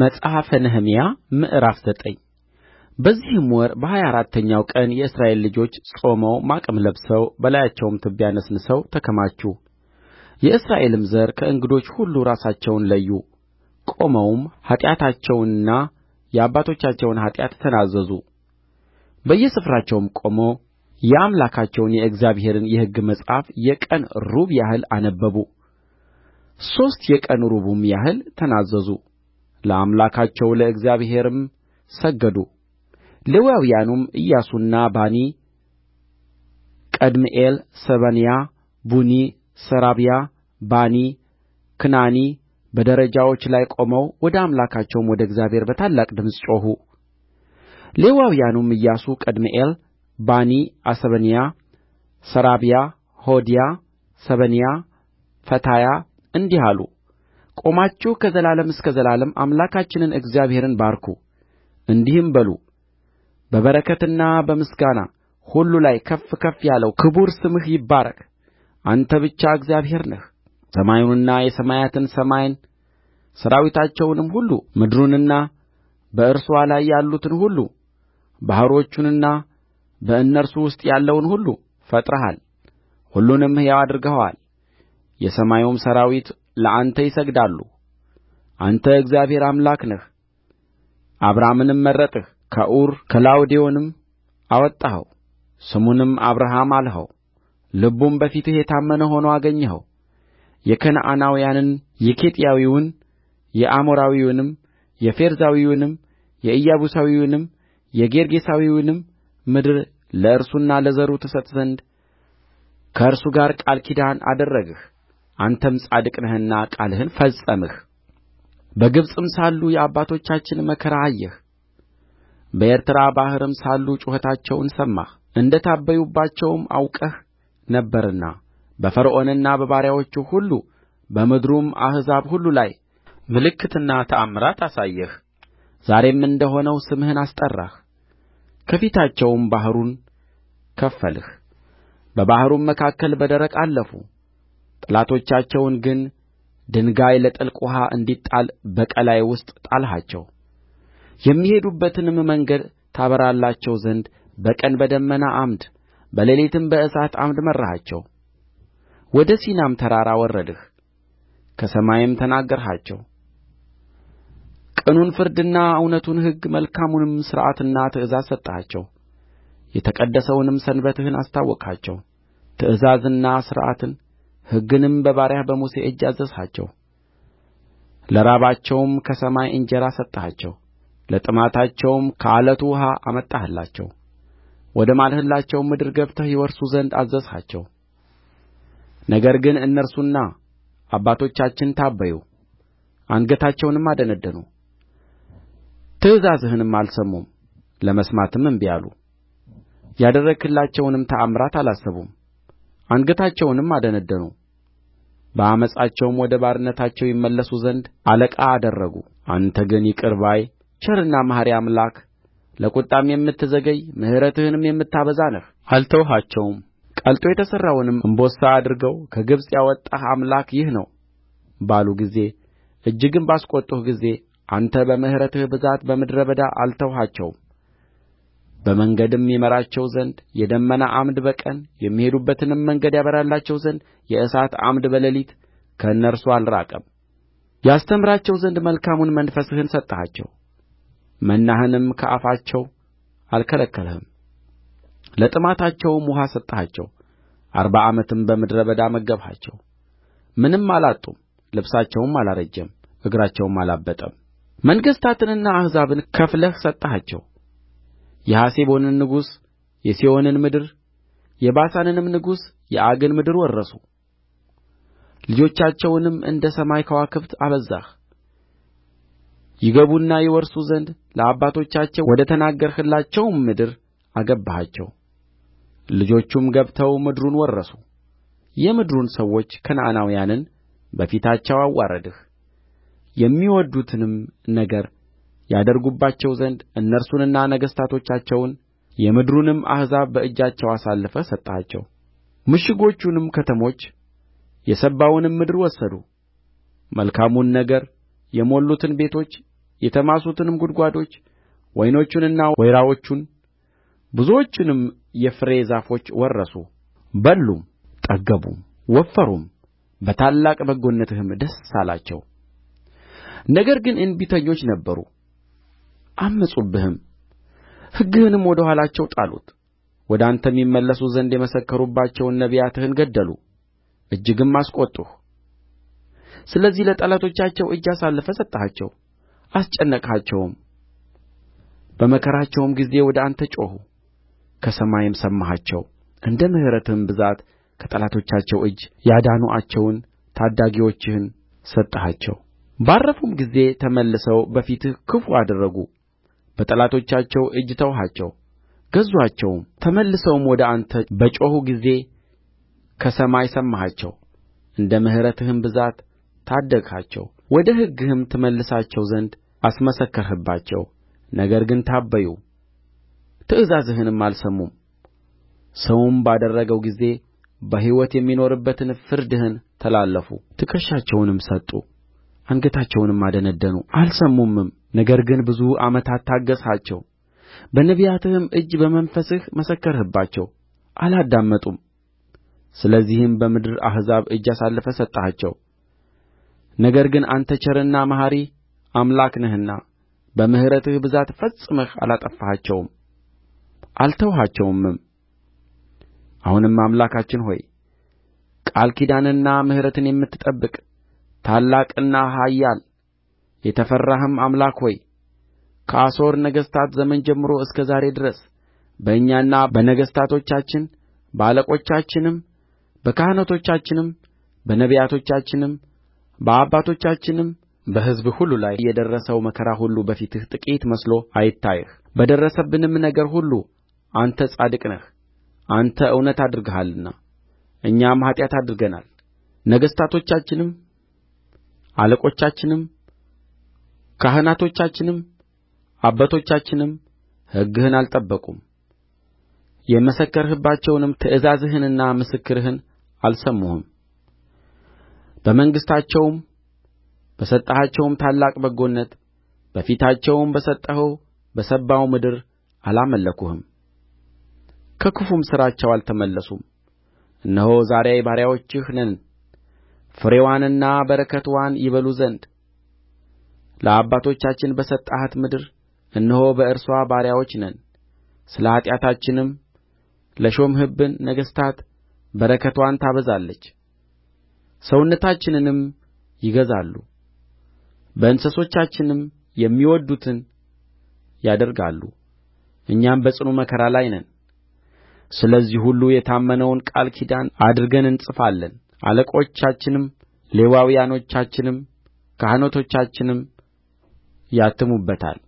መጽሐፈ ነህምያ ምዕራፍ ዘጠኝ በዚህም ወር በሀያ አራተኛው ቀን የእስራኤል ልጆች ጾመው ማቅም ለብሰው በላያቸውም ትቢያ ነስንሰው ተከማቹ። የእስራኤልም ዘር ከእንግዶች ሁሉ ራሳቸውን ለዩ፣ ቆመውም ኃጢአታቸውንና የአባቶቻቸውን ኃጢአት ተናዘዙ። በየስፍራቸውም ቆመው የአምላካቸውን የእግዚአብሔርን የሕግ መጽሐፍ የቀን ሩብ ያህል አነበቡ፣ ሦስት የቀን ሩቡም ያህል ተናዘዙ። ለአምላካቸው ለእግዚአብሔርም ሰገዱ ሌዋውያኑም ኢያሱና ባኒ ቀድምኤል ሰበንያ ቡኒ ሰራብያ ባኒ ክናኒ በደረጃዎች ላይ ቆመው ወደ አምላካቸውም ወደ እግዚአብሔር በታላቅ ድምፅ ጮኹ ሌዋውያኑም ኢያሱ ቀድምኤል ባኒ አሰበንያ ሰራብያ ሆዲያ ሰበንያ ፈታያ እንዲህ አሉ ቆማችሁ ከዘላለም እስከ ዘላለም አምላካችንን እግዚአብሔርን ባርኩ እንዲህም በሉ በበረከትና በምስጋና ሁሉ ላይ ከፍ ከፍ ያለው ክቡር ስምህ ይባረክ አንተ ብቻ እግዚአብሔር ነህ ሰማዩንና የሰማያትን ሰማይን ሠራዊታቸውንም ሁሉ ምድሩንና በእርስዋ ላይ ያሉትን ሁሉ ባሕሮቹንና በእነርሱ ውስጥ ያለውን ሁሉ ፈጥረሃል ሁሉንም ሕያው አድርገኸዋል የሰማዩም ሠራዊት ለአንተ ይሰግዳሉ አንተ እግዚአብሔር አምላክ ነህ አብራምንም መረጥህ ከዑር ከላውዴዎንም አወጣኸው ስሙንም አብርሃም አልኸው ልቡም በፊትህ የታመነ ሆኖ አገኘኸው የከነዓናውያንን የኬጢያዊውን የአሞራዊውንም የፌርዛዊውንም የኢያቡሳዊውንም የጌርጌሳዊውንም ምድር ለእርሱና ለዘሩ ትሰጥ ዘንድ ከእርሱ ጋር ቃል ኪዳን አደረግህ አንተም ጻድቅ ነህና ቃልህን ፈጸምህ በግብጽም ሳሉ የአባቶቻችን መከራ አየህ በኤርትራ ባሕርም ሳሉ ጩኸታቸውን ሰማህ እንደ ታበዩባቸውም አውቀህ ነበርና በፈርዖንና በባሪያዎቹ ሁሉ በምድሩም አሕዛብ ሁሉ ላይ ምልክትና ተአምራት አሳየህ ዛሬም እንደ ሆነው ስምህን አስጠራህ ከፊታቸውም ባሕሩን ከፈልህ በባሕሩም መካከል በደረቅ አለፉ ጠላቶቻቸውን ግን ድንጋይ ለጥልቅ ውኃ እንዲጣል በቀላይ ውስጥ ጣልሃቸው የሚሄዱበትንም መንገድ ታበራላቸው ዘንድ በቀን በደመና ዓምድ በሌሊትም በእሳት ዓምድ መራሃቸው ወደ ሲናም ተራራ ወረድህ ከሰማይም ተናገርሃቸው ቅኑን ፍርድና እውነቱን ሕግ መልካሙንም ሥርዓትና ትእዛዝ ሰጠሃቸው የተቀደሰውንም ሰንበትህን አስታወቅሃቸው ትእዛዝና ሥርዓትን ሕግንም በባሪያህ በሙሴ እጅ አዘዝሃቸው ለራባቸውም ከሰማይ እንጀራ ሰጠሃቸው ለጥማታቸውም ከዓለቱ ውኃ አመጣህላቸው ወደ ማልህላቸውም ምድር ገብተው ይወርሱ ዘንድ አዘዝሃቸው ነገር ግን እነርሱና አባቶቻችን ታበዩ አንገታቸውንም አደነደኑ ትእዛዝህንም አልሰሙም ለመስማትም እምቢ አሉ ያደረግህላቸውንም ተአምራት አላሰቡም አንገታቸውንም አደነደኑ በዓመፃቸውም ወደ ባርነታቸው ይመለሱ ዘንድ አለቃ አደረጉ አንተ ግን ይቅር ባይ ቸርና መሐሪ አምላክ ለቍጣም የምትዘገይ ምሕረትህንም የምታበዛ ነህ አልተውሃቸውም ቀልጦ የተሠራውንም እምቦሳ አድርገው ከግብጽ ያወጣህ አምላክ ይህ ነው ባሉ ጊዜ እጅግም ባስቈጡህ ጊዜ አንተ በምሕረትህ ብዛት በምድረ በዳ አልተውሃቸውም በመንገድም ይመራቸው ዘንድ የደመና ዓምድ በቀን የሚሄዱበትንም መንገድ ያበራላቸው ዘንድ የእሳት ዓምድ በሌሊት ከእነርሱ አልራቀም ያስተምራቸው ዘንድ መልካሙን መንፈስህን ሰጠሃቸው መናህንም ከአፋቸው አልከለከልህም ለጥማታቸውም ውኃ ሰጠሃቸው አርባ ዓመትም በምድረ በዳ መገብሃቸው ምንም አላጡም ልብሳቸውም አላረጀም እግራቸውም አላበጠም መንግሥታትንና አሕዛብን ከፍለህ ሰጠሃቸው የሐሴቦንን ንጉሥ የሴዎንን ምድር የባሳንንም ንጉሥ የዐግን ምድር ወረሱ ልጆቻቸውንም እንደ ሰማይ ከዋክብት አበዛህ ይገቡና ይወርሱ ዘንድ ለአባቶቻቸው ወደ ተናገርህላቸውም ምድር አገባሃቸው ልጆቹም ገብተው ምድሩን ወረሱ የምድሩን ሰዎች ከነዓናውያንን በፊታቸው አዋረድህ የሚወድዱትንም ነገር ያደርጉባቸው ዘንድ እነርሱንና ነገሥታቶቻቸውን የምድሩንም አሕዛብ በእጃቸው አሳልፈህ ሰጠሃቸው ምሽጎቹንም ከተሞች የሰባውንም ምድር ወሰዱ መልካሙን ነገር የሞሉትን ቤቶች የተማሱትንም ጕድጓዶች ወይኖቹንና ወይራዎቹን ብዙዎቹንም የፍሬ ዛፎች ወረሱ በሉም ጠገቡም ወፈሩም በታላቅ በጎነትህም ደስ አላቸው ነገር ግን እንቢተኞች ነበሩ ዐመፁብህም ሕግህንም ወደ ኋላቸው ጣሉት ወደ አንተም ይመለሱ ዘንድ የመሰከሩባቸውን ነቢያትህን ገደሉ እጅግም አስቈጡህ ስለዚህ ለጠላቶቻቸው እጅ አሳልፈህ ሰጠሃቸው አስጨነቅሃቸውም በመከራቸውም ጊዜ ወደ አንተ ጮኹ ከሰማይም ሰማሃቸው እንደ ምሕረትህም ብዛት ከጠላቶቻቸው እጅ ያዳኑአቸውን ታዳጊዎችህን ሰጠሃቸው ባረፉም ጊዜ ተመልሰው በፊትህ ክፉ አደረጉ በጠላቶቻቸው እጅ ተውሃቸው ገዙአቸውም ተመልሰውም ወደ አንተ በጮኹ ጊዜ ከሰማይ ሰማሃቸው እንደ ምሕረትህም ብዛት ታደግሃቸው ወደ ሕግህም ትመልሳቸው ዘንድ አስመሰከርህባቸው ነገር ግን ታበዩ ትእዛዝህንም አልሰሙም ሰውም ባደረገው ጊዜ በሕይወት የሚኖርበትን ፍርድህን ተላለፉ ትከሻቸውንም ሰጡ አንገታቸውንም አደነደኑ አልሰሙምም ነገር ግን ብዙ ዓመታት ታገሥሃቸው በነቢያትህም እጅ በመንፈስህ መሰከርህባቸው አላዳመጡም ስለዚህም በምድር አሕዛብ እጅ አሳልፈህ ሰጠሃቸው ነገር ግን አንተ ቸርና መሐሪ አምላክ ነህና በምሕረትህ ብዛት ፈጽመህ አላጠፋሃቸውም አልተውሃቸውምም አሁንም አምላካችን ሆይ ቃል ኪዳንንና ምሕረትን የምትጠብቅ ታላቅና ኃያል የተፈራህም አምላክ ሆይ ከአሦር ነገሥታት ዘመን ጀምሮ እስከ ዛሬ ድረስ በእኛና በነገሥታቶቻችን በአለቆቻችንም በካህናቶቻችንም በነቢያቶቻችንም በአባቶቻችንም በሕዝብህ ሁሉ ላይ የደረሰው መከራ ሁሉ በፊትህ ጥቂት መስሎ አይታይህ። በደረሰብንም ነገር ሁሉ አንተ ጻድቅ ነህ፣ አንተ እውነት አድርገሃልና እኛም ኃጢአት አድርገናል። ነገሥታቶቻችንም አለቆቻችንም ካህናቶቻችንም አባቶቻችንም ሕግህን አልጠበቁም የመሰከርህባቸውንም ትእዛዝህንና ምስክርህን አልሰሙህም በመንግሥታቸውም በሰጠሃቸውም ታላቅ በጎነት በፊታቸውም በሰጠኸው በሰባው ምድር አላመለኩህም ከክፉም ሥራቸው አልተመለሱም እነሆ ዛሬ ባሪያዎችህ ነን ፍሬዋንና በረከትዋን ይበሉ ዘንድ ለአባቶቻችን በሰጠሃት ምድር እነሆ በእርስዋ ባሪያዎች ነን ስለ ኃጢአታችንም ለሾምህብን ነገሥታት በረከትዋን ታበዛለች ሰውነታችንንም ይገዛሉ በእንስሶቻችንም የሚወድዱትን ያደርጋሉ እኛም በጽኑ መከራ ላይ ነን ስለዚህ ሁሉ የታመነውን ቃል ኪዳን አድርገን እንጽፋለን አለቆቻችንም ሌዋውያኖቻችንም ካህናቶቻችንም ያትሙበታል